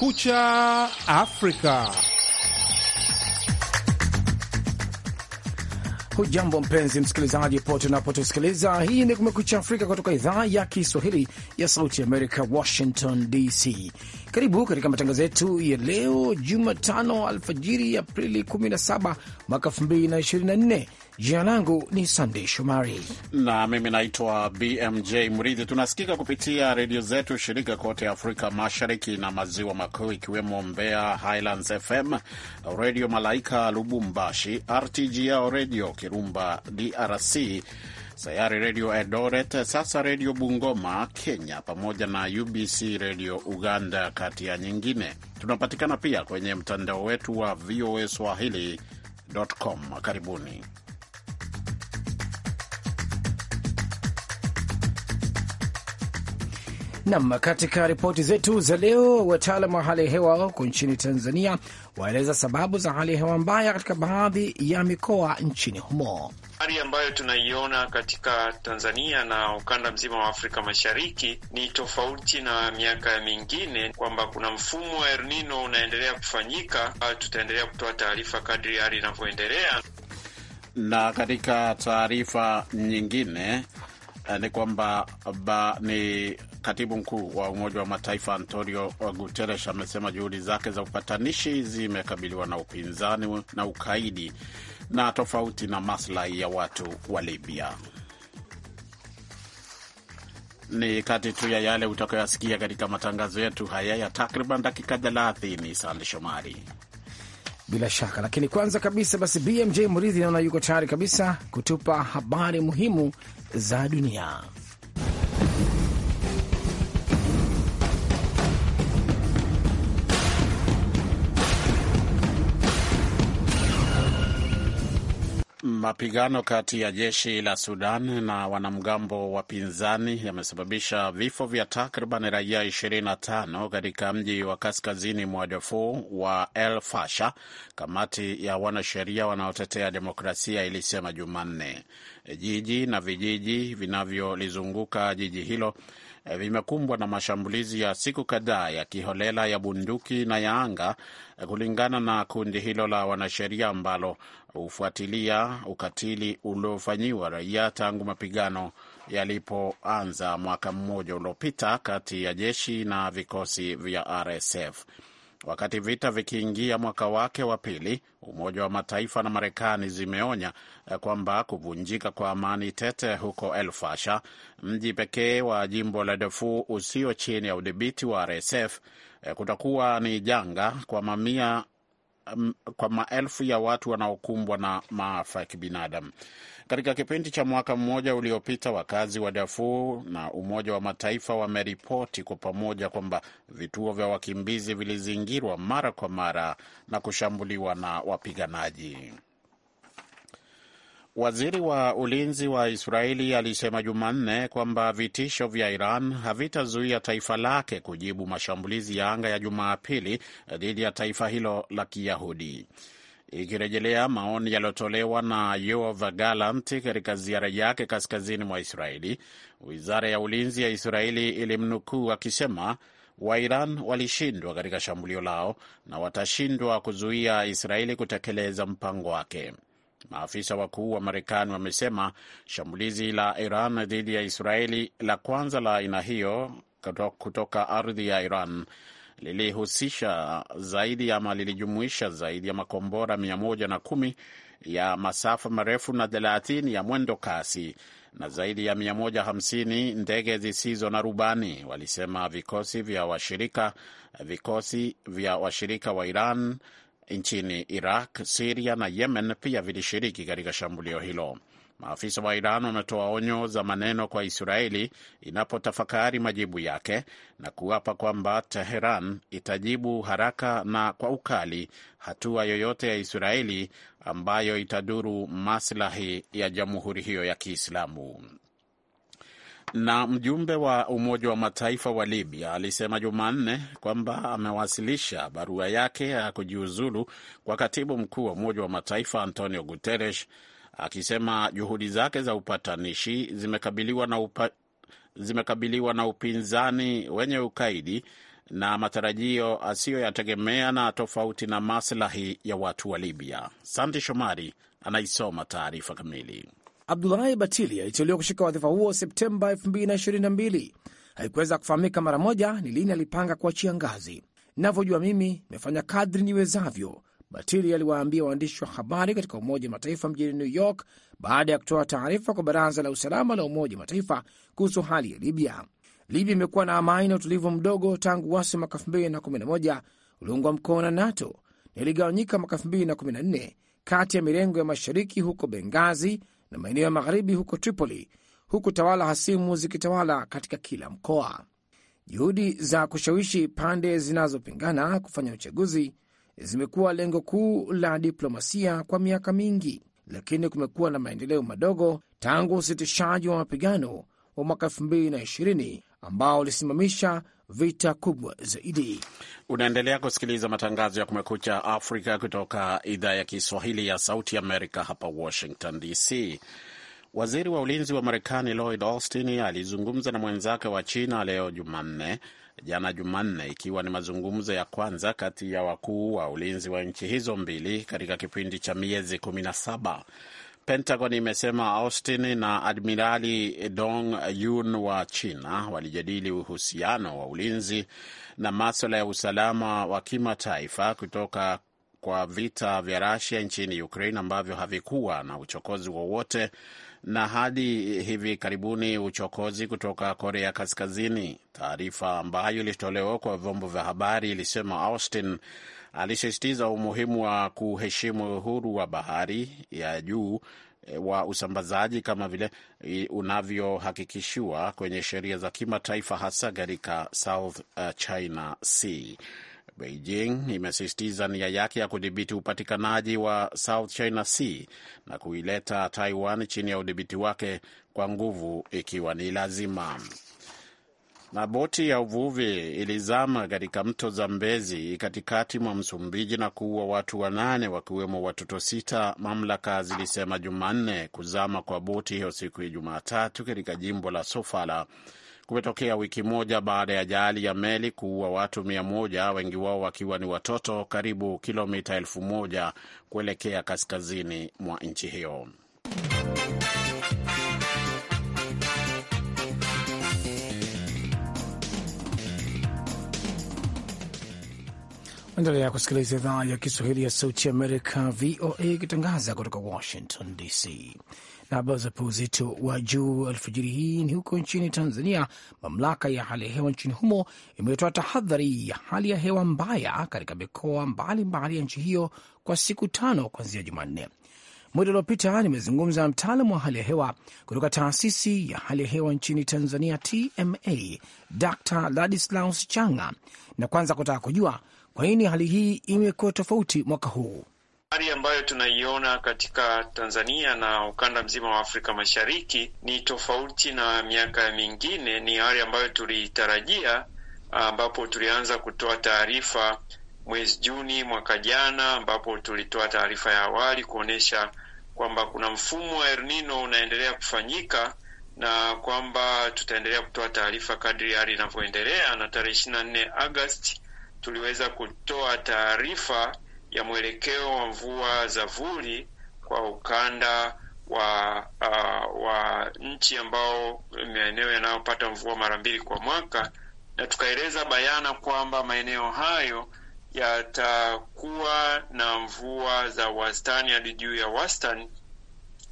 Kumekucha Afrika. Hujambo mpenzi msikilizaji, pote unapotusikiliza. Hii ni Kumekucha Afrika kutoka idhaa ya Kiswahili ya Sauti ya Amerika, Washington DC. Karibu katika matangazo yetu ya leo Jumatano alfajiri, Aprili 17 mwaka 2024 Jina langu ni Sandey Shomari na mimi naitwa BMJ Mridhi. Tunasikika kupitia redio zetu shirika kote Afrika Mashariki na Maziwa Makuu, ikiwemo Mbeya Highlands FM, Redio Malaika Lubumbashi, RTGL Redio Kirumba DRC, Sayari Redio Eldoret, Sasa Redio Bungoma Kenya, pamoja na UBC Redio Uganda, kati ya nyingine. Tunapatikana pia kwenye mtandao wetu wa VOA Swahili.com. Karibuni. Nam, katika ripoti zetu za leo, wataalam wa hali ya hewa huko nchini Tanzania waeleza sababu za hali ya hewa mbaya katika baadhi ya mikoa nchini humo. Hali ambayo tunaiona katika Tanzania na ukanda mzima wa Afrika Mashariki ni tofauti na miaka mingine, kwamba kuna mfumo wa El Nino unaendelea kufanyika. Ah, tutaendelea kutoa taarifa kadri hali inavyoendelea. Na katika taarifa nyingine eh, ni kwamba ni Katibu mkuu wa Umoja wa Mataifa Antonio Guterres amesema juhudi zake za upatanishi zimekabiliwa na upinzani na ukaidi na tofauti na maslahi ya watu wa Libya. Ni kati tu ya yale utakayoyasikia katika matangazo yetu haya ya takriban dakika 30. Sande Shomari bila shaka, lakini kwanza kabisa basi, BMJ mridhi naona yuko tayari kabisa kutupa habari muhimu za dunia. Mapigano kati ya jeshi la Sudan na wanamgambo wapinzani yamesababisha vifo vya takriban raia 25 katika mji wa kaskazini mwa Darfur wa El Fasha, kamati ya wanasheria wanaotetea demokrasia ilisema Jumanne. Jiji na vijiji vinavyolizunguka jiji hilo eh, vimekumbwa na mashambulizi ya siku kadhaa ya kiholela ya bunduki na ya anga, eh, kulingana na kundi hilo la wanasheria ambalo hufuatilia ukatili uliofanyiwa raia tangu mapigano yalipoanza mwaka mmoja uliopita kati ya jeshi na vikosi vya RSF. Wakati vita vikiingia mwaka wake wa pili, Umoja wa Mataifa na Marekani zimeonya kwamba kuvunjika kwa amani tete huko El mji pekee wa jimbo la defu usio chini ya udhibiti wa RSF, kutakuwa ni janga kwa mamia um, kwa maelfu ya watu wanaokumbwa na maafa ya kibinadamu. Katika kipindi cha mwaka mmoja uliopita, wakazi wa Darfur na Umoja wa Mataifa wameripoti kwa pamoja kwamba vituo vya wakimbizi vilizingirwa mara kwa mara na kushambuliwa na wapiganaji. Waziri wa ulinzi wa Israeli alisema Jumanne kwamba vitisho vya Iran havitazuia taifa lake kujibu mashambulizi ya anga ya Jumapili dhidi ya taifa hilo la Kiyahudi, ikirejelea maoni yaliyotolewa na Yoav Gallant katika ziara yake kaskazini mwa Israeli. Wizara ya ulinzi ya Israeli ilimnukuu akisema Wairan walishindwa katika shambulio lao na watashindwa kuzuia Israeli kutekeleza mpango wake. Maafisa wakuu wa Marekani wamesema shambulizi la Iran dhidi ya Israeli la kwanza la aina hiyo kutoka ardhi ya Iran lilihusisha zaidi ama lilijumuisha zaidi ya makombora 110 ya masafa marefu na 30 ya mwendo kasi na zaidi ya 150 ndege zisizo na rubani, walisema vikosi vya washirika vikosi vya washirika wa Iran nchini Iraq, Siria na Yemen pia vilishiriki katika shambulio hilo. Maafisa wa Iran wametoa onyo za maneno kwa Israeli inapotafakari majibu yake na kuapa kwamba Teheran itajibu haraka na kwa ukali hatua yoyote ya Israeli ambayo itadhuru maslahi ya jamhuri hiyo ya Kiislamu. Na mjumbe wa Umoja wa Mataifa wa Libya alisema Jumanne kwamba amewasilisha barua yake ya kujiuzulu kwa katibu mkuu wa Umoja wa Mataifa Antonio Guterres, akisema juhudi zake za upatanishi zimekabiliwa na, upa, zimekabiliwa na upinzani wenye ukaidi na matarajio asiyoyategemea na tofauti na maslahi ya watu wa Libya. Santi Shomari anaisoma taarifa kamili. Abdulahi Batili aliteuliwa kushika wadhifa huo Septemba 2022. Haikuweza kufahamika mara moja ni lini alipanga kuachia ngazi. Navyojua mimi, imefanya kadri niwezavyo, Batili aliwaambia waandishi wa habari katika Umoja wa Mataifa mjini New York baada ya kutoa taarifa kwa Baraza la Usalama la Umoja wa Mataifa kuhusu hali ya Libya. Libya imekuwa na amani na utulivu mdogo tangu wasi mwaka 2011 uliungwa mkono na NATO na iligawanyika mwaka 2014 kati ya mirengo ya mashariki huko Bengazi na maeneo ya magharibi huko Tripoli, huku tawala hasimu zikitawala katika kila mkoa. Juhudi za kushawishi pande zinazopingana kufanya uchaguzi zimekuwa lengo kuu la diplomasia kwa miaka mingi, lakini kumekuwa na maendeleo madogo tangu usitishaji wa mapigano wa mwaka 2020 ambao ulisimamisha vita kubwa zaidi. Unaendelea kusikiliza matangazo ya Kumekucha Afrika kutoka idhaa ya Kiswahili ya Sauti Amerika, hapa Washington DC. Waziri wa ulinzi wa Marekani Lloyd Austin alizungumza na mwenzake wa China leo Jumanne, jana Jumanne, ikiwa ni mazungumzo ya kwanza kati ya wakuu wa ulinzi wa nchi hizo mbili katika kipindi cha miezi 17. Pentagon imesema Austin na Admirali Dong Yun wa China walijadili uhusiano wa ulinzi na maswala ya usalama wa kimataifa kutoka kwa vita vya Rusia nchini Ukraine ambavyo havikuwa na uchokozi wowote na hadi hivi karibuni uchokozi kutoka Korea Kaskazini. Taarifa ambayo ilitolewa kwa vyombo vya habari ilisema Austin alisisitiza umuhimu wa kuheshimu uhuru wa bahari ya juu e, wa usambazaji kama vile e, unavyohakikishiwa kwenye sheria za kimataifa hasa katika South uh, China Sea. Beijing imesisitiza nia yake ya kudhibiti upatikanaji wa South China Sea na kuileta Taiwan chini ya udhibiti wake kwa nguvu ikiwa ni lazima. Na boti ya uvuvi ilizama katika mto Zambezi katikati mwa Msumbiji na kuua watu wanane wakiwemo watoto sita, mamlaka zilisema Jumanne. Kuzama kwa boti hiyo siku ya Jumatatu katika jimbo la Sofala kumetokea wiki moja baada ya ajali ya meli kuua watu mia moja, wengi wao wakiwa ni watoto, karibu kilomita elfu moja kuelekea kaskazini mwa nchi hiyo. Endelea kusikiliza idhaa ya Kiswahili ya Sauti Amerika, VOA, ikitangaza kutoka Washington DC. Na habari za uzito wa juu alfajiri hii ni huko nchini Tanzania. Mamlaka ya hali ya hewa nchini humo imetoa tahadhari ya hali ya hewa mbaya katika mikoa mbalimbali ya nchi hiyo kwa siku tano kuanzia Jumanne. Muda uliopita nimezungumza na mtaalamu wa hali ya hewa kutoka taasisi ya hali ya hewa nchini Tanzania, TMA, Dr Ladislaus Changa, na kwanza kutaka kujua kwa nini hali hii imekuwa tofauti mwaka huu? Hali ambayo tunaiona katika Tanzania na ukanda mzima wa Afrika Mashariki ni tofauti na miaka mingine. Ni hali ambayo tuliitarajia, ambapo tulianza kutoa taarifa mwezi Juni mwaka jana, ambapo tulitoa taarifa ya awali kuonyesha kwamba kuna mfumo wa El Nino unaendelea kufanyika na kwamba tutaendelea kutoa taarifa kadri hali inavyoendelea, na tarehe ishirini na nne Agosti tuliweza kutoa taarifa ya mwelekeo wa mvua za vuli kwa ukanda wa uh, wa nchi ambao maeneo yanayopata mvua mara mbili kwa mwaka, na tukaeleza bayana kwamba maeneo hayo yatakuwa na mvua za wastani hadi juu ya wastani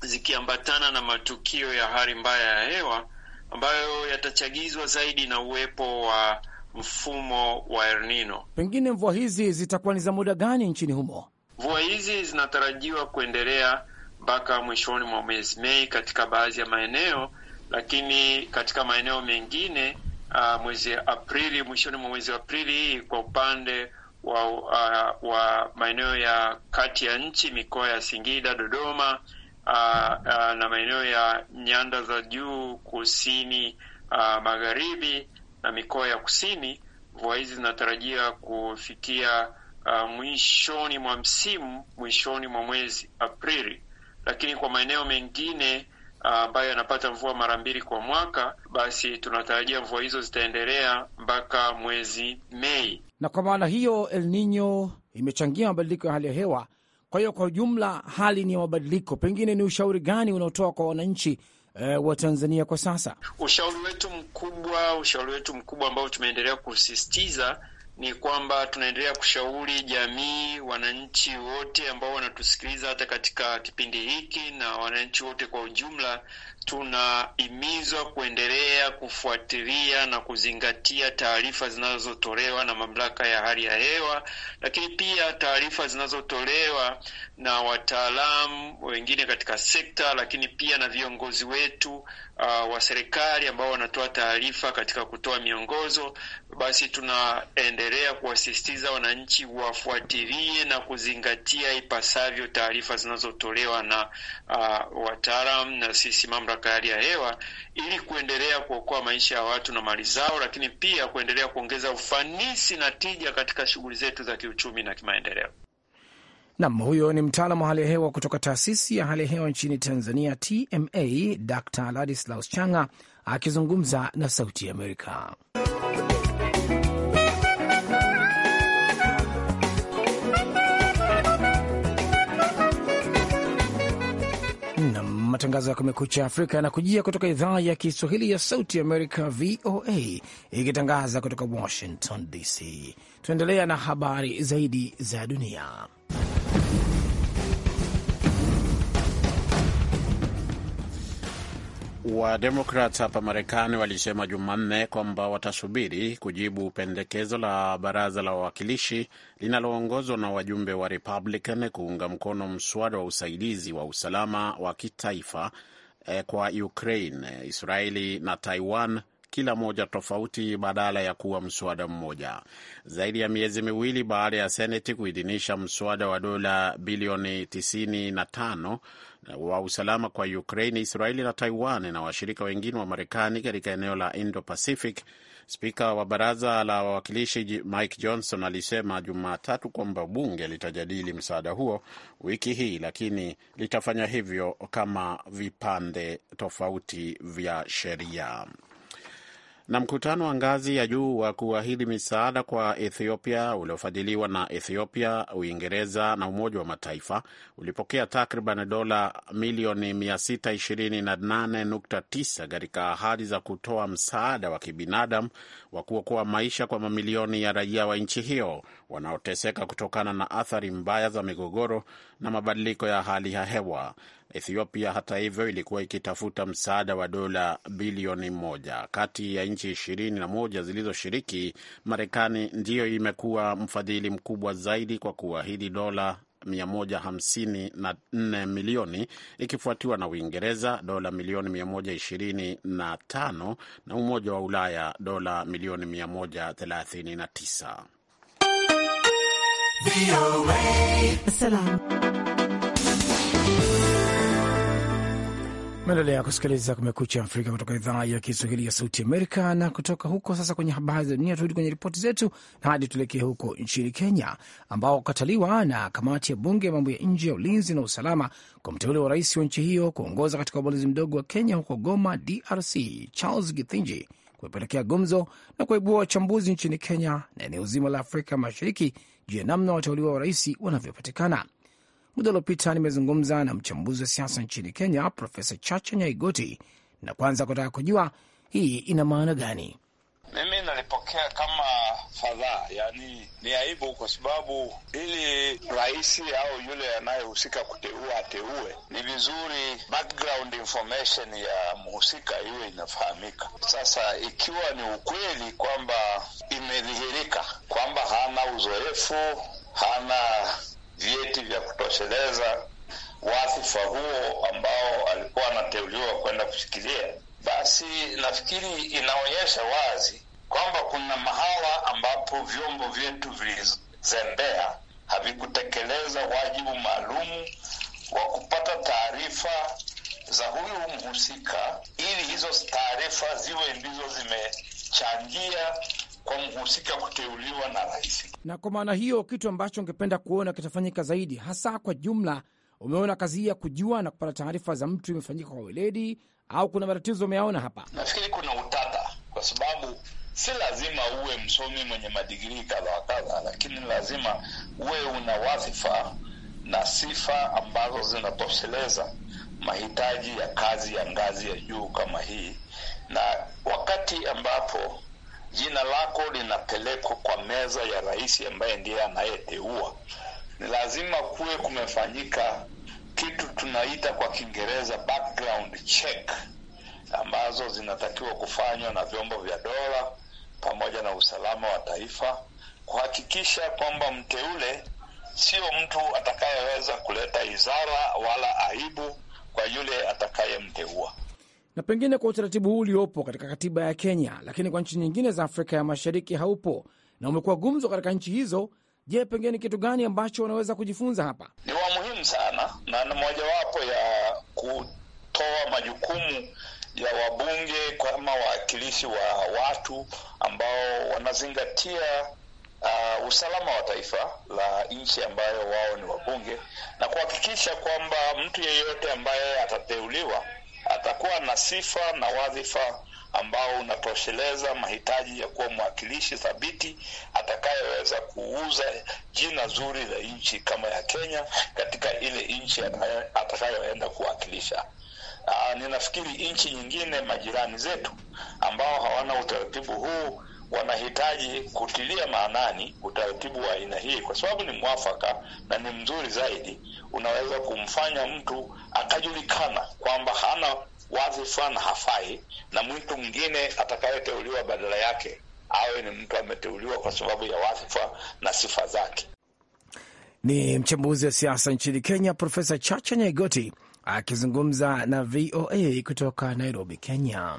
zikiambatana na matukio ya hali mbaya ya hewa ambayo yatachagizwa zaidi na uwepo wa mfumo wa El Nino. Pengine mvua hizi zitakuwa ni za muda gani nchini humo? Mvua hizi zinatarajiwa kuendelea mpaka mwishoni mwa mwezi Mei katika baadhi ya maeneo, lakini katika maeneo mengine uh, mwezi Aprili, mwishoni mwa mwezi Aprili hii kwa upande wa, uh, wa maeneo ya kati ya nchi, mikoa ya Singida, Dodoma uh, uh, na maeneo ya nyanda za juu kusini, uh, magharibi na mikoa ya kusini, mvua hizi zinatarajia kufikia uh, mwishoni mwa msimu, mwishoni mwa mwezi Aprili, lakini kwa maeneo mengine uh, ambayo uh, yanapata mvua mara mbili kwa mwaka, basi tunatarajia mvua hizo zitaendelea mpaka mwezi Mei. Na kwa maana hiyo El Nino imechangia mabadiliko ya hali ya hewa. Kwa hiyo kwa ujumla hali ni ya mabadiliko. Pengine ni ushauri gani unaotoa kwa wananchi uh, wa Tanzania kwa sasa? Ushauri wetu mkubwa, ushauri wetu mkubwa ambao tumeendelea kusisitiza ni kwamba tunaendelea kushauri jamii, wananchi wote ambao wanatusikiliza hata katika kipindi hiki na wananchi wote kwa ujumla, tunahimizwa kuendelea kufuatilia na kuzingatia taarifa zinazotolewa na mamlaka ya hali ya hewa, lakini pia taarifa zinazotolewa na wataalamu wengine katika sekta, lakini pia na viongozi wetu uh, wa serikali ambao wanatoa taarifa katika kutoa miongozo. Basi tunaendelea kuwasisitiza wananchi wafuatilie na kuzingatia ipasavyo taarifa zinazotolewa na uh, wataalamu na sisi mamlaka mamlaka ya hali ya hewa ili kuendelea kuokoa maisha ya watu na mali zao, lakini pia kuendelea kuongeza ufanisi na tija katika shughuli zetu za kiuchumi na kimaendeleo. Nam, huyo ni mtaalamu wa hali ya hewa kutoka taasisi ya hali ya hewa nchini Tanzania, TMA, Dr Ladislaus Changa akizungumza na Sauti ya Amerika. matangazo ya Kumekucha Afrika yanakujia kutoka idhaa ya Kiswahili ya Sauti Amerika, VOA, ikitangaza kutoka Washington DC. Tunaendelea na habari zaidi za dunia. Wademokrat hapa Marekani walisema Jumanne kwamba watasubiri kujibu pendekezo la baraza la wawakilishi linaloongozwa na wajumbe wa Republican kuunga mkono mswada wa usaidizi wa usalama wa kitaifa eh, kwa Ukraine, Israeli na Taiwan kila moja tofauti badala ya kuwa mswada mmoja. Zaidi ya miezi miwili baada ya Seneti kuidhinisha mswada wa dola bilioni 95 wa usalama kwa Ukraini, Israeli na Taiwan na washirika wengine wa Marekani katika eneo la Indo Pacific, spika wa baraza la wawakilishi Mike Johnson alisema Jumatatu kwamba bunge litajadili msaada huo wiki hii, lakini litafanya hivyo kama vipande tofauti vya sheria. Na mkutano wa ngazi ya juu wa kuahidi misaada kwa Ethiopia uliofadhiliwa na Ethiopia, Uingereza na Umoja wa Mataifa ulipokea takriban dola milioni 628.9 katika ahadi za kutoa msaada wa kibinadamu wa kuokoa maisha kwa mamilioni ya raia wa nchi hiyo wanaoteseka kutokana na athari mbaya za migogoro na mabadiliko ya hali ya hewa. Ethiopia hata hivyo ilikuwa ikitafuta msaada wa dola bilioni moja. Kati ya nchi ishirini na moja zilizoshiriki, Marekani ndiyo imekuwa mfadhili mkubwa zaidi kwa kuahidi dola 154 milioni ikifuatiwa na Uingereza dola milioni 125 na Umoja wa Ulaya dola milioni 139. Maendelea kusikiliza Kumekucha Afrika kutoka idhaa ya Kiswahili ya Sauti Amerika. Na kutoka huko sasa kwenye habari za dunia, turudi kwenye ripoti zetu na hadi tuelekee huko nchini Kenya, ambao kukataliwa na kamati ya bunge ya mambo ya nje ya ulinzi na usalama kwa mteule wa rais wa nchi hiyo kuongoza katika ubalozi mdogo wa Kenya huko Goma, DRC, Charles Githinji kumepelekea gumzo na kuibua wachambuzi nchini Kenya na eneo zima la Afrika Mashariki juu ya namna wateuliwa wa rais wanavyopatikana. Muda uliopita nimezungumza na mchambuzi wa siasa nchini Kenya, Profesa Chacha Nyaigoti, na kwanza kutaka kujua hii ina maana gani. Mimi nalipokea kama fadhaa, yani ni aibu, kwa sababu ili rais au yule anayehusika kuteua ateue, ni vizuri background information ya mhusika iwe inafahamika. Sasa ikiwa ni ukweli kwamba imedhihirika kwamba hana uzoefu, hana vyeti vya kutosheleza wadhifa huo ambao alikuwa anateuliwa kwenda kushikilia, basi nafikiri inaonyesha wazi kwamba kuna mahala ambapo vyombo vyetu vilizembea, havikutekeleza wajibu maalum wa kupata taarifa za huyu mhusika, ili hizo taarifa ziwe ndizo zimechangia kwa mhusika kuteuliwa na rais. Na kwa maana hiyo, kitu ambacho ungependa kuona kitafanyika zaidi, hasa kwa jumla, umeona kazi hii ya kujua na kupata taarifa za mtu imefanyika kwa weledi, au kuna matatizo umeyaona hapa? Nafikiri kuna utata, kwa sababu si lazima uwe msomi mwenye madigirii kadha wa kadha, lakini lazima uwe una wadhifa na sifa ambazo zinatosheleza mahitaji ya kazi ya ngazi ya juu kama hii, na wakati ambapo jina lako linapelekwa kwa meza ya rais ambaye ndiye anayeteua. Ni lazima kuwe kumefanyika kitu tunaita kwa Kiingereza background check ambazo zinatakiwa kufanywa na vyombo vya dola pamoja na usalama wa taifa kuhakikisha kwamba mteule sio mtu atakayeweza kuleta izara wala aibu kwa yule atakayemteua na pengine kwa utaratibu huu uliopo katika katiba ya Kenya, lakini kwa nchi nyingine za Afrika ya Mashariki haupo na umekuwa gumzo katika nchi hizo. Je, pengine ni kitu gani ambacho wanaweza kujifunza hapa? Ni wa muhimu sana na ni mojawapo ya kutoa majukumu ya wabunge kama wawakilishi wa watu ambao wanazingatia uh, usalama wa taifa la nchi ambayo wao ni wabunge, na kuhakikisha kwamba mtu yeyote ambaye atateuliwa atakuwa na sifa na wadhifa ambao unatosheleza mahitaji ya kuwa mwakilishi thabiti atakayeweza kuuza jina zuri la nchi kama ya Kenya katika ile nchi atakayoenda kuwakilisha. Aa, ah, ninafikiri nchi nyingine majirani zetu ambao hawana utaratibu huu wanahitaji kutilia maanani utaratibu wa aina hii, kwa sababu ni mwafaka na ni mzuri zaidi. Unaweza kumfanya mtu akajulikana kwamba hana wadhifa na hafai, na mtu mwingine atakayeteuliwa badala yake awe ni mtu ameteuliwa kwa sababu ya wadhifa na sifa zake. Ni mchambuzi wa siasa nchini Kenya, Profesa Chacha Nyaigoti akizungumza na VOA kutoka Nairobi, Kenya.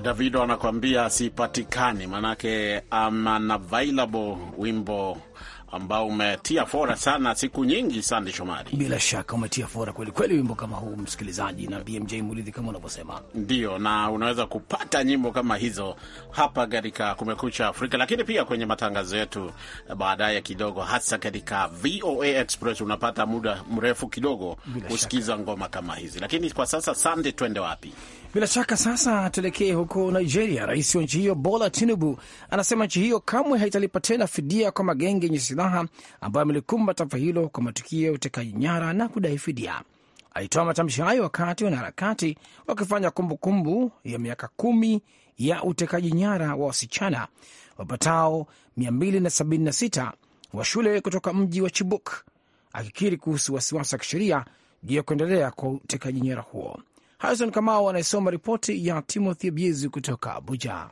Davido anakuambia sipatikani, manake I'm unavailable, wimbo ambao umetia fora sana siku nyingi. Sande Shomari, bila shaka umetia fora kweli kweli, wimbo kama huu msikilizaji, na BMJ Muridhi kama unavyosema, ndio na unaweza kupata nyimbo kama hizo hapa katika Kumekucha Afrika, lakini pia kwenye matangazo yetu baadaye kidogo, hasa katika VOA Express unapata muda mrefu kidogo kusikiza ngoma kama hizi. Lakini kwa sasa, Sande, twende wapi? Bila shaka sasa tuelekee huko Nigeria. Rais wa nchi hiyo Bola Tinubu anasema nchi hiyo kamwe haitalipa tena fidia kwa magenge yenye silaha ambayo amelikumba taifa hilo kwa matukio ya utekaji nyara na kudai fidia. Alitoa matamshi hayo wakati wanaharakati wakifanya kumbukumbu ya miaka kumi ya utekaji nyara wa wasichana wapatao 276 wa shule kutoka mji wa Chibuk, akikiri kuhusu wasiwasi wa kisheria juu ya kuendelea kwa utekaji nyara huo. Harison Kamau anayesoma ripoti ya Timothy Biezi kutoka Abuja.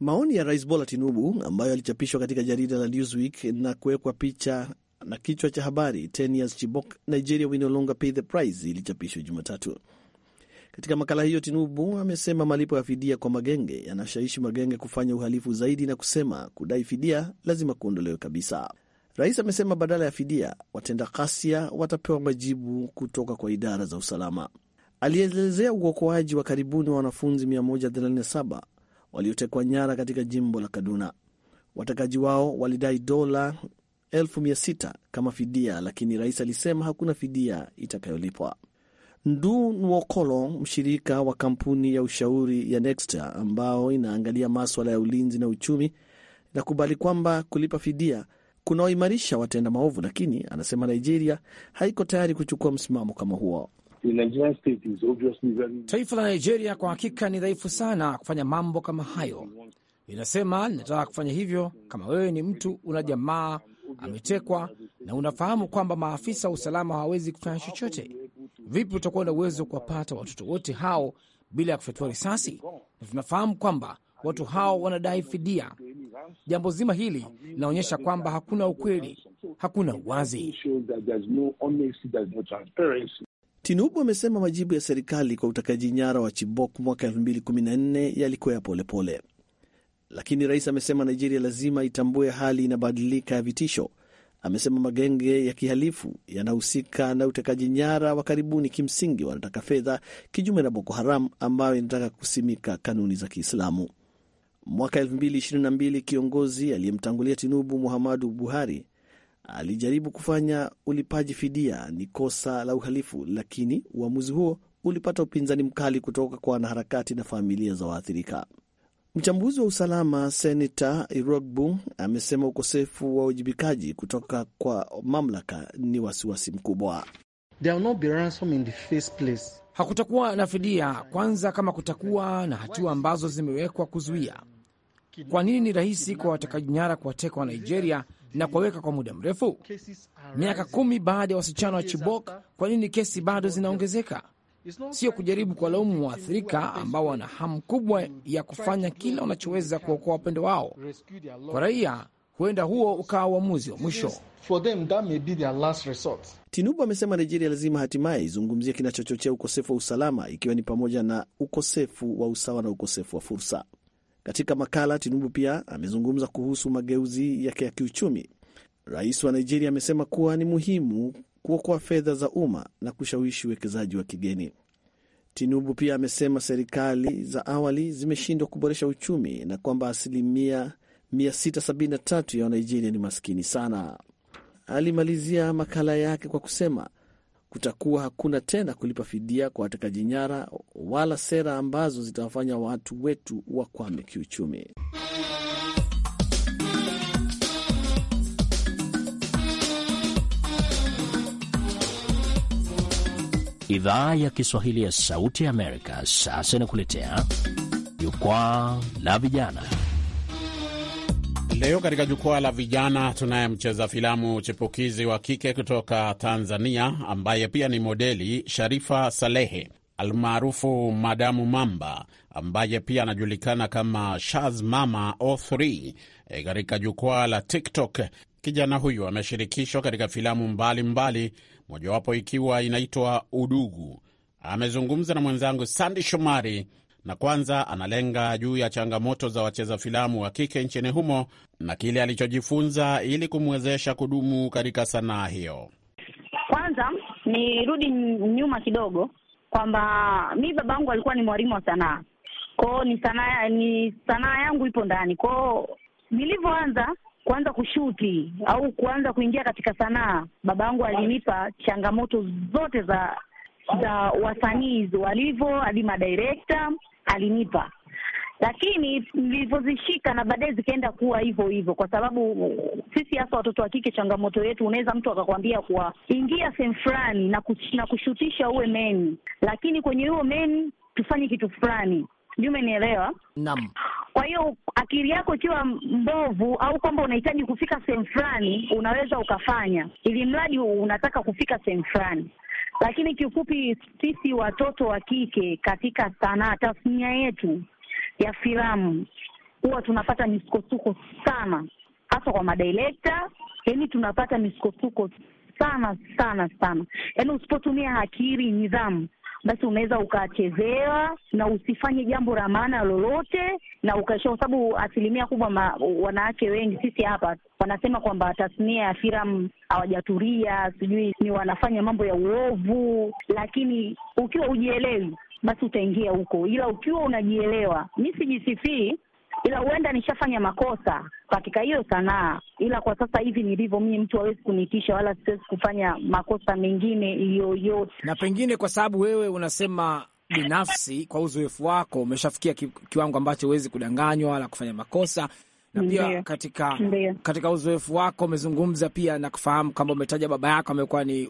Maoni ya Rais Bola Tinubu ambayo alichapishwa katika jarida la Newsweek na kuwekwa picha na kichwa cha habari 10 years Chibok Nigeria we no longer pay the price ilichapishwa Jumatatu. Katika makala hiyo, Tinubu amesema malipo ya fidia kwa magenge yanashawishi magenge kufanya uhalifu zaidi na kusema kudai fidia lazima kuondolewe kabisa. Rais amesema badala ya fidia watenda ghasia watapewa majibu kutoka kwa idara za usalama alielezea uokoaji wa karibuni wa wanafunzi 137 waliotekwa nyara katika jimbo la Kaduna. Watekaji wao walidai dola 600,000 kama fidia, lakini rais alisema hakuna fidia itakayolipwa. Ndu Nwokolo, mshirika wa kampuni ya ushauri ya Nexta ambao inaangalia maswala ya ulinzi na uchumi, nakubali kwamba kulipa fidia kunaoimarisha watenda maovu, lakini anasema Nigeria haiko tayari kuchukua msimamo kama huo. Taifa la Nigeria kwa hakika ni dhaifu sana kufanya mambo kama hayo. Linasema linataka kufanya hivyo. Kama wewe ni mtu una jamaa ametekwa na unafahamu kwamba maafisa wa usalama hawawezi kufanya chochote, vipi utakuwa na uwezo wa kuwapata watoto wote hao bila ya kufyatua risasi? Na tunafahamu kwamba watu hao wanadai fidia. Jambo zima hili linaonyesha kwamba hakuna ukweli, hakuna uwazi. Tinubu amesema majibu ya serikali kwa utekaji nyara wa Chibok mwaka 2014 yalikuwa ya polepole, lakini rais amesema Nigeria lazima itambue hali inabadilika ya vitisho. Amesema magenge ya kihalifu yanahusika na utekaji nyara wa karibuni, kimsingi wanataka fedha, kinyume na Boko Haram ambayo inataka kusimika kanuni za Kiislamu. Mwaka 2022 kiongozi aliyemtangulia Tinubu, Muhammadu Buhari, alijaribu kufanya ulipaji fidia ni kosa la uhalifu, lakini uamuzi huo ulipata upinzani mkali kutoka kwa wanaharakati na familia za waathirika. Mchambuzi wa usalama Senata Irogbu amesema ukosefu wa uwajibikaji kutoka kwa mamlaka ni wasiwasi mkubwa. Hakutakuwa na fidia kwanza kama kutakuwa na hatua ambazo zimewekwa kuzuia. Kwa nini ni rahisi kwa watekaji nyara kuwateka Nigeria na kuwaweka kwa muda mrefu? Miaka kumi baada ya wasichana wa Chibok, kwa nini kesi bado zinaongezeka? Sio kujaribu kuwalaumu waathirika ambao wana hamu kubwa ya kufanya kila wanachoweza kuokoa wapendo wao. Kwa raia huenda huo ukawa uamuzi wa mwisho. Tinubu amesema Nigeria lazima hatimaye izungumzie kinachochochea ukosefu wa usalama, ikiwa ni pamoja na ukosefu wa usawa na ukosefu wa fursa. Katika makala, Tinubu pia amezungumza kuhusu mageuzi yake ya kiuchumi. Rais wa Nigeria amesema kuwa ni muhimu kuokoa fedha za umma na kushawishi uwekezaji wa kigeni. Tinubu pia amesema serikali za awali zimeshindwa kuboresha uchumi na kwamba asilimia 673 ya Wanigeria ni maskini sana. Alimalizia makala yake kwa kusema kutakuwa hakuna tena kulipa fidia kwa watekaji nyara wala sera ambazo zitawafanya watu wetu wakwame kiuchumi. Idhaa ya Kiswahili ya Sauti ya Amerika sasa inakuletea Jukwaa la Vijana. Leo katika jukwaa la vijana tunaye mcheza filamu chipukizi wa kike kutoka Tanzania ambaye pia ni modeli Sharifa Salehe almaarufu Madamu Mamba ambaye pia anajulikana kama Shaz Mama O3 e, katika jukwaa la TikTok. Kijana huyu ameshirikishwa katika filamu mbalimbali, mojawapo ikiwa inaitwa Udugu. Amezungumza na mwenzangu Sandi Shomari na kwanza analenga juu ya changamoto za wacheza filamu wa kike nchini humo na kile alichojifunza ili kumwezesha kudumu katika sanaa hiyo. Kwanza nirudi nyuma kidogo kwamba mi babangu alikuwa ni mwalimu wa sanaa kwao, ni sanaa ni sanaa yangu ipo ndani kwao. Nilivyoanza kuanza kushuti au kuanza kuingia katika sanaa, babangu alinipa changamoto zote za za wasanii walivyo, hadi madirekta alinipa, lakini nilivyozishika na baadaye zikaenda kuwa hivyo hivyo, kwa sababu sisi hasa watoto wa kike, changamoto yetu, unaweza mtu akakwambia kuwa ingia sehemu fulani na kushutisha uwe meni, lakini kwenye huo meni tufanye kitu fulani, ndio umenielewa? Naam. Kwa hiyo akili yako ikiwa mbovu au kwamba unahitaji kufika sehemu fulani, unaweza ukafanya, ili mradi unataka kufika sehemu fulani. Lakini kiufupi, sisi watoto wa kike katika sanaa, tasnia yetu ya filamu huwa tunapata misukosuko sana, hasa kwa madirekta. Yani tunapata misukosuko sana sana sana, yani usipotumia akili, nidhamu basi unaweza ukachezewa na usifanye jambo la maana lolote, na ukaisha, kwa sababu asilimia kubwa wanawake wengi sisi hapa wanasema kwamba tasnia ya filamu hawajatulia, sijui ni wanafanya mambo ya uovu, lakini ukiwa ujielewi basi utaingia huko, ila ukiwa unajielewa, mi sijisifii, ila huenda nishafanya makosa katika hiyo sanaa, ila kwa sasa hivi nilivyo mimi, mtu hawezi kunitisha wala siwezi kufanya makosa mengine yoyote. Na pengine kwa sababu wewe unasema binafsi, kwa uzoefu wako umeshafikia ki, kiwango ambacho huwezi kudanganywa wala kufanya makosa na pia Ndiyo. katika Ndiyo. katika uzoefu wako umezungumza pia na kufahamu kwamba umetaja baba yako amekuwa ni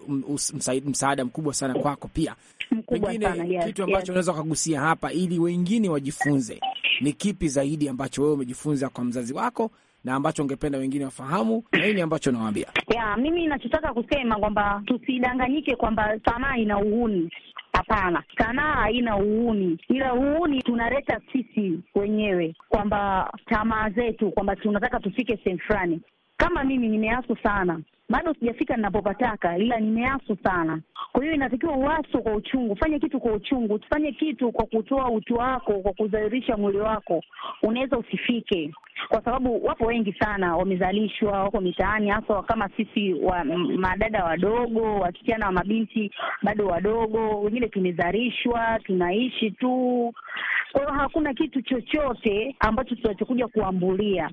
msaada mkubwa sana kwako pia mkubwa pengine sana, yes, kitu ambacho yes, unaweza ukagusia hapa ili wengine wajifunze, ni kipi zaidi ambacho wewe umejifunza kwa mzazi wako na ambacho ungependa wengine wafahamu na nini ambacho unawaambia? Yeah, mimi nachotaka kusema kwamba tusidanganyike kwamba sanaa ina uhuni. Hapana, sanaa haina uhuni, ila uhuni tunaleta sisi wenyewe, kwamba tamaa zetu, kwamba tunataka tufike sehemu fulani. Kama mimi nimeasu sana bado sijafika ninapopataka, ila nimeasu sana. Kwa hiyo inatakiwa uasu kwa uchungu, fanye kitu kwa uchungu, usifanye kitu kwa kutoa utu wako, kwa kudhalilisha mwili wako. Unaweza usifike, kwa sababu wapo wengi sana wamezalishwa, wako mitaani, hasa kama sisi wa madada wadogo, wasichana wa mabinti bado wadogo, wengine tumezalishwa, tunaishi tu. Kwa hiyo hakuna kitu chochote ambacho tunachokuja kuambulia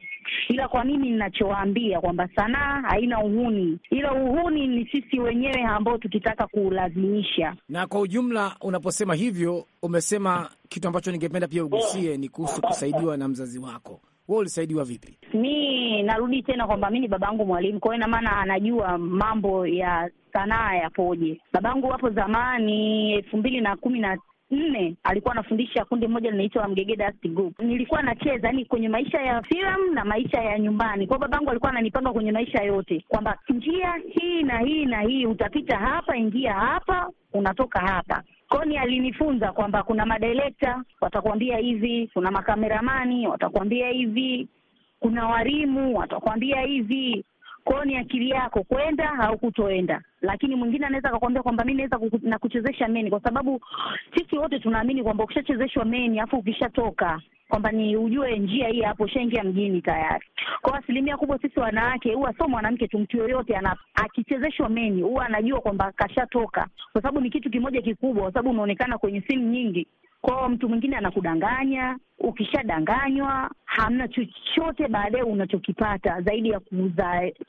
Ila kwa nini ninachowaambia kwamba sanaa haina uhuni, ila uhuni ni sisi wenyewe ambao tukitaka kuulazimisha. Na kwa ujumla, unaposema hivyo, umesema kitu ambacho ningependa pia ugusie ni kuhusu kusaidiwa na mzazi wako. Wewe ulisaidiwa vipi? Mi narudi tena kwamba mi ni babangu mwalimu, kwa hiyo ina maana anajua mambo ya sanaa yapoje. Babangu hapo zamani elfu mbili na kumi na nne alikuwa anafundisha kundi moja linaitwa Mgegeda Art Group. Nilikuwa nacheza yani kwenye maisha ya filamu na maisha ya nyumbani. Kwa babangu alikuwa ananipanga kwenye maisha yote kwamba njia hii na hii na hii, utapita hapa, ingia hapa, unatoka hapa. Koni alinifunza kwamba kuna madirekta watakwambia hivi, kuna makameramani watakwambia hivi, kuna warimu watakwambia hivi, kwao ni akili yako kwenda au kutoenda, lakini mwingine anaweza akakwambia kwamba mi naweza nakuchezesha meni, kwa sababu sisi wote tunaamini kwamba ukishachezeshwa meni afu ukishatoka kwamba ni ujue njia hii hapo, ushaingia mjini tayari. Kwa asilimia kubwa sisi wanawake, huwa sio mwanamke tu, mtu yoyote akichezeshwa meni huwa anajua kwamba kashatoka, kwa sababu ni kitu kimoja kikubwa, kwa sababu unaonekana kwenye simu nyingi kwao. Mtu mwingine anakudanganya. Ukishadanganywa hamna chochote baadaye unachokipata zaidi ya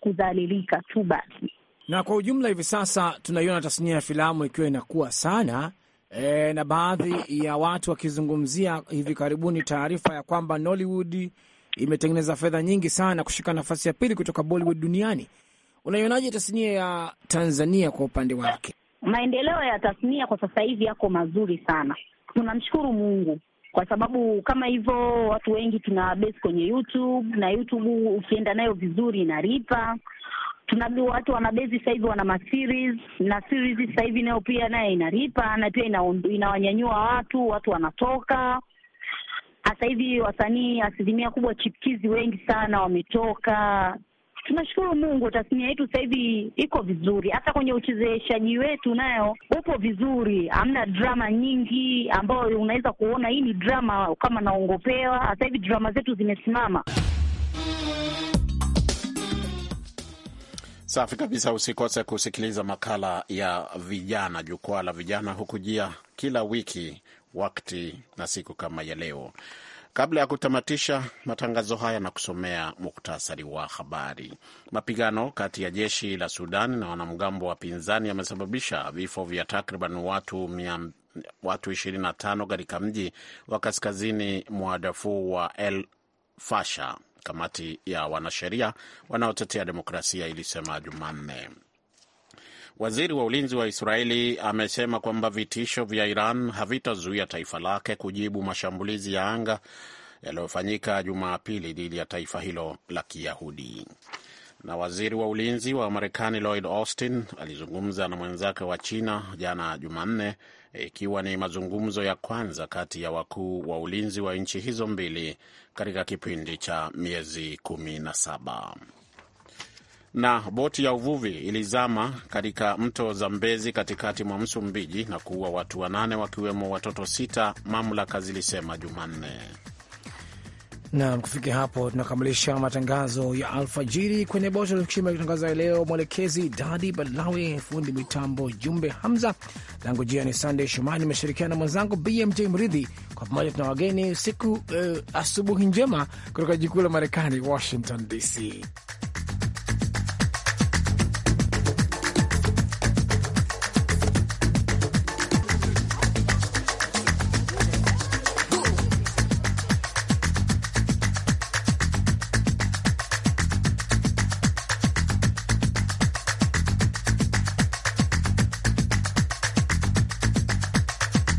kudhalilika tu basi. Na kwa ujumla, hivi sasa tunaiona tasnia ya filamu ikiwa inakuwa sana e, na baadhi ya watu wakizungumzia hivi karibuni taarifa ya kwamba Nollywood imetengeneza fedha nyingi sana kushika nafasi ya pili kutoka Bollywood duniani. Unaionaje tasnia ya Tanzania kwa upande wake? maendeleo ya tasnia kwa sasa hivi yako mazuri sana, tunamshukuru Mungu kwa sababu kama hivyo watu wengi tuna base kwenye YouTube na YouTube ukienda nayo vizuri inalipa. Tunajua watu wana base sasa hivi wana maseries na series sasa hivi nayo pia naye inalipa na pia ina, inawanyanyua watu, watu wanatoka sasa hivi wasanii asilimia kubwa chipkizi wengi sana wametoka tunashukuru Mungu, tasnia yetu sasa hivi iko vizuri, hata kwenye uchezeshaji wetu nayo upo vizuri, hamna drama nyingi ambayo unaweza kuona hii ni drama kama naongopewa. Sasa hivi drama zetu zimesimama. Safi kabisa. Usikose kusikiliza makala ya vijana, jukwaa la vijana hukujia kila wiki wakati na siku kama ya leo. Kabla ya kutamatisha matangazo haya na kusomea muktasari wa habari, mapigano kati ya jeshi la Sudan na wanamgambo wa pinzani yamesababisha vifo vya takriban watu mia watu 25 katika mji wa kaskazini mwa Dafu wa El Fasha, kamati ya wanasheria wanaotetea demokrasia ilisema Jumanne. Waziri wa ulinzi wa Israeli amesema kwamba vitisho vya Iran havitazuia taifa lake kujibu mashambulizi ya anga yaliyofanyika Jumapili dhidi ya taifa hilo la Kiyahudi. Na waziri wa ulinzi wa Marekani Lloyd Austin alizungumza na mwenzake wa China jana Jumanne, ikiwa ni mazungumzo ya kwanza kati ya wakuu wa ulinzi wa nchi hizo mbili katika kipindi cha miezi kumi na saba na boti ya uvuvi ilizama katika mto Zambezi katikati mwa Msumbiji na kuua watu wanane wakiwemo watoto sita, mamlaka zilisema Jumanne. nam kufikia hapo tunakamilisha matangazo ya alfajiri kwenye boti tukushima kitangaza ya leo. Mwelekezi Dadi Balawe, fundi mitambo Jumbe Hamza, langu jia ni Sandey Shumani, imeshirikiana na mwenzangu BMJ Mridhi. Kwa pamoja tuna wageni siku uh, asubuhi njema kutoka jikuu la Marekani, Washington DC.